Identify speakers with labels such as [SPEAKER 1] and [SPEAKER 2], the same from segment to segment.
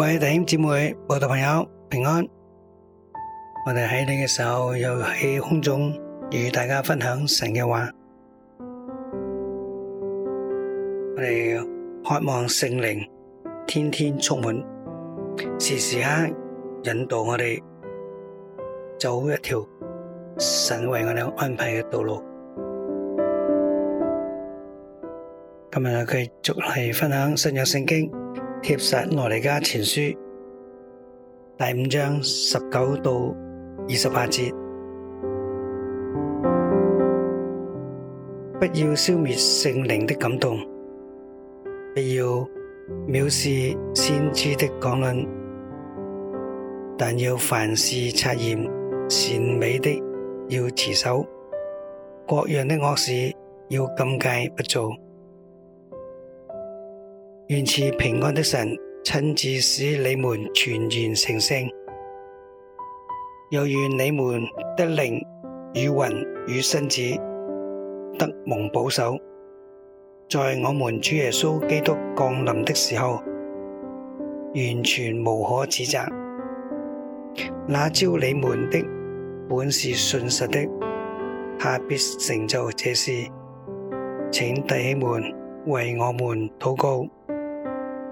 [SPEAKER 1] 各位弟兄姊妹、報道朋友平安，我哋喺呢個時候又喺空中與大家分享神嘅話，我哋渴望聖靈天天充滿，時時刻刻引導我哋走一條神為我哋安排嘅道路。今日我哋繼續嚟分享信仰聖經。帖撒羅尼迦前書第五章十九到二十八節，不要消滅聖靈的感動，不要藐視先知的講論，但要凡事察驗善美的，要持守，各樣的惡事要禁戒不做。願賜平安的神，親自使你們全然成聖，又願你們的靈與魂與身子得蒙保守，在我們主耶穌基督降臨的時候，完全無可指責。那召你們的本是信實的，他必成就這事。請弟兄們為我們禱告。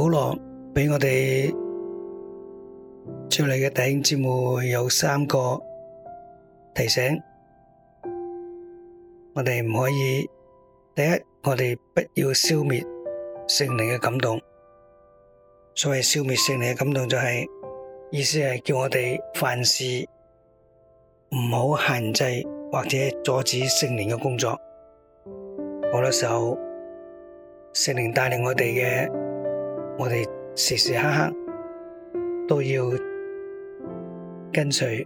[SPEAKER 1] 保羅俾我哋接你嘅第五節目有三個提醒，我哋唔可以第一，我哋不要消滅聖靈嘅感動。所謂消滅聖靈嘅感動，就是，就係意思係叫我哋凡事唔好限制或者阻止聖靈嘅工作。好多時候，聖靈帶領我哋嘅。我哋時時刻刻都要跟隨，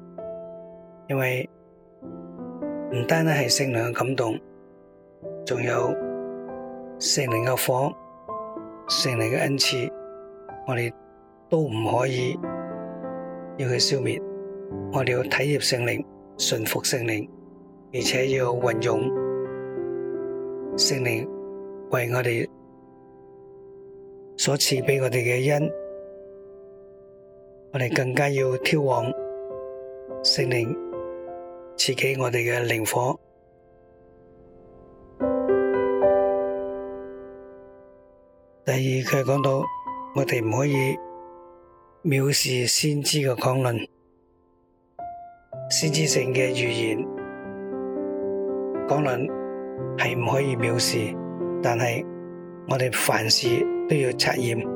[SPEAKER 1] 因為唔單單係聖靈嘅感動，仲有聖靈嘅火，聖靈嘅恩賜，我哋都唔可以要佢消滅。我哋要體驗聖靈，順服聖靈，而且要運用聖靈為我哋。所賜俾我哋嘅恩，我哋更加要挑旺聖靈賜俾我哋嘅靈火。第二，佢講到我哋唔可以藐視先知嘅講論，先知性嘅預言講論係唔可以藐視，但係我哋凡事。都要查驗，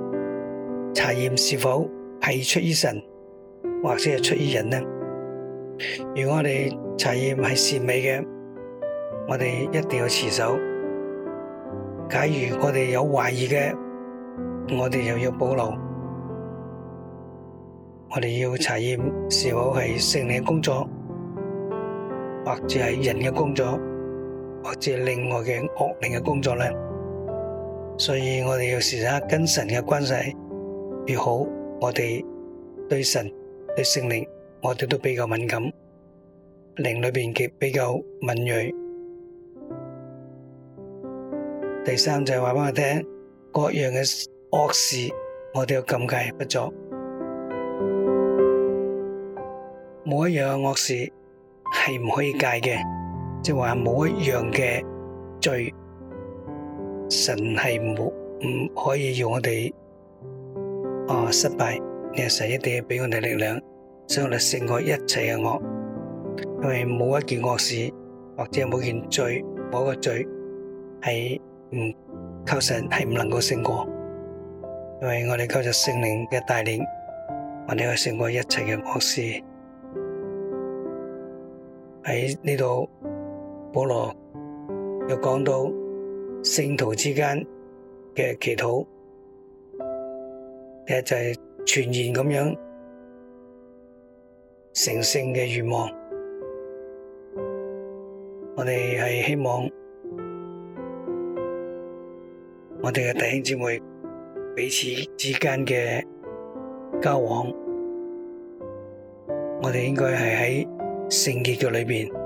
[SPEAKER 1] 查驗是否係出於神，或者係出於人呢？如果我哋查驗係善美嘅，我哋一定要持守；假如我哋有懷疑嘅，我哋又要保留。我哋要查驗是否係聖靈嘅工作，或者係人嘅工作，或者另外嘅惡靈嘅工作呢？所以我哋要時刻跟神嘅關係越好，我哋對神對聖靈，我哋都比較敏感，靈裏邊嘅比較敏銳。第三就係話俾我聽，各樣嘅惡事，我哋要禁戒不作。冇一樣嘅惡事係唔可以戒嘅，即係話冇一樣嘅罪。神係冇唔可以用我哋啊失敗，你係神一定要畀我哋力量，將我哋勝過一切嘅惡。因為冇一件惡事，或者冇件罪，冇個罪係唔靠神係唔能夠勝過。因為我哋靠住聖靈嘅帶領，我哋去勝過一切嘅惡事。喺呢度，保羅又講到。聖徒之間嘅祈禱，第一就係、是、全然咁樣成聖嘅願望。我哋係希望我哋嘅弟兄姊妹彼此之間嘅交往，我哋應該係喺聖潔嘅裏邊。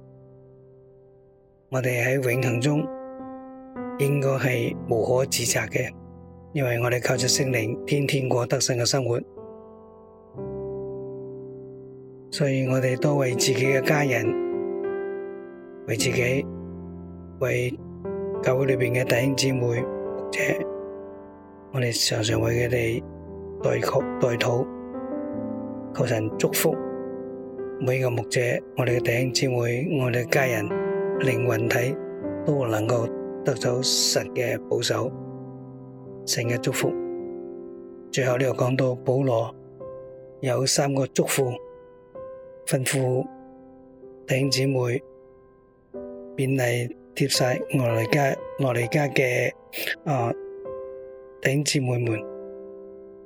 [SPEAKER 1] 我哋喺永恒中應該係無可指責嘅，因為我哋靠着聖靈天天過得勝嘅生活，所以我哋都為自己嘅家人，為自己，為教會裏邊嘅弟兄姊妹、牧者，我哋常常為佢哋代求、代禱，求神祝福每個牧者、我哋嘅弟兄姊妹、我哋嘅家人。靈魂體都能夠得到神嘅保守，成日祝福。最後呢個講到保羅有三個祝福，吩咐弟兄姊妹勉勵帖撒羅尼迦帖撒羅尼迦嘅啊弟兄姊妹們，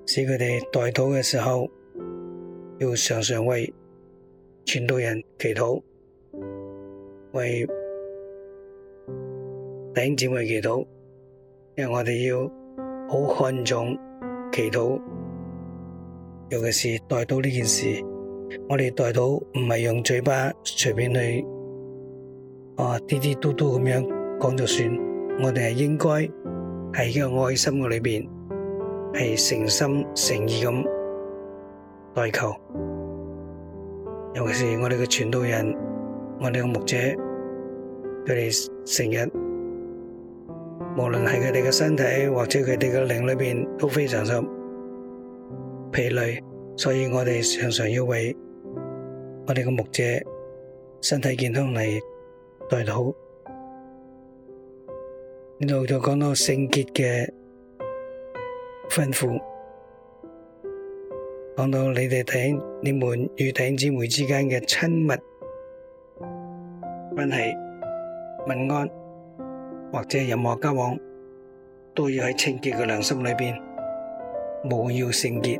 [SPEAKER 1] 使佢哋代禱嘅時候要常常為傳道人祈禱，為。弟兄姊妹祈禱，因為我哋要好看重祈禱，尤其是代禱呢件事。我哋代禱唔係用嘴巴隨便去啊嘀嘀嘟嘟咁樣講就算，我哋係應該係喺呢個愛心裏面，係誠心誠意咁代求。尤其是我哋嘅傳道人，我哋嘅牧者，佢哋成日。無論係佢哋嘅身體或者佢哋嘅靈裏邊都非常受疲累，所以我哋常常要為我哋嘅牧者身體健康嚟代禱。呢度就講到聖潔嘅吩咐，講到你哋頂你們與弟兄姊妹之間嘅親密關係，問安。或者任何交往都要喺清潔嘅良心裏邊，冇要聖潔。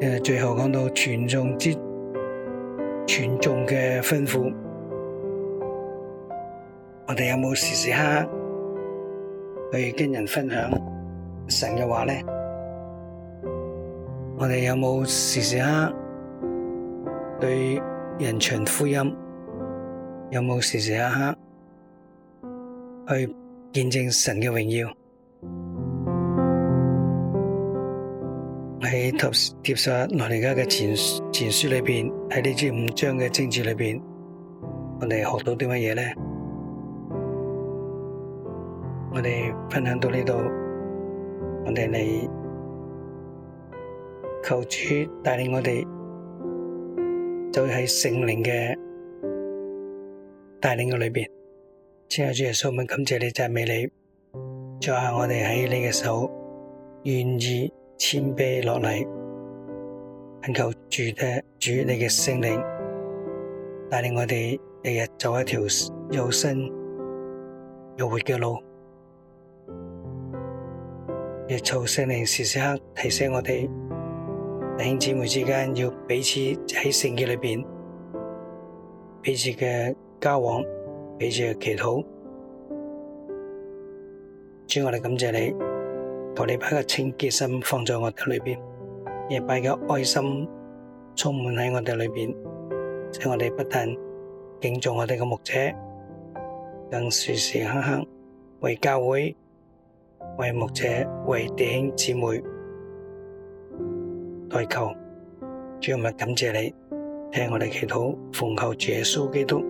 [SPEAKER 1] 誒，最後講到傳頌之傳頌嘅吩咐，我哋有冇時時刻去跟人分享神嘅話咧？我哋有冇時時刻對人傳福音？有冇時時刻刻去見證神嘅榮耀？喺帖撒羅尼迦嘅前書前書裏邊，喺呢支五章嘅經節裏邊，我哋學到啲乜嘢咧？我哋分享到呢度，我哋嚟求主帶領我哋，就喺聖靈嘅。帶領我裏邊，親愛的主耶穌，感謝你讚美你，再下我哋喺你嘅手，願意謙卑落嚟，懇求主嘅主你嘅聖靈帶領我哋日日走一條又新又活嘅路，亦求聖靈時時刻提醒我哋弟兄姊妹之間要彼此喺聖潔裏邊，彼此嘅。交往彼此嘅祈禱，主我哋感謝你，求你把一個清潔心放在我哋裏邊，也把你嘅愛心充滿喺我哋裏邊，使我哋不但敬重我哋嘅牧者，更時時刻刻為教會、為牧者、為弟兄姊妹代求。主，我哋感謝你，聽我哋祈禱，奉求耶穌基督。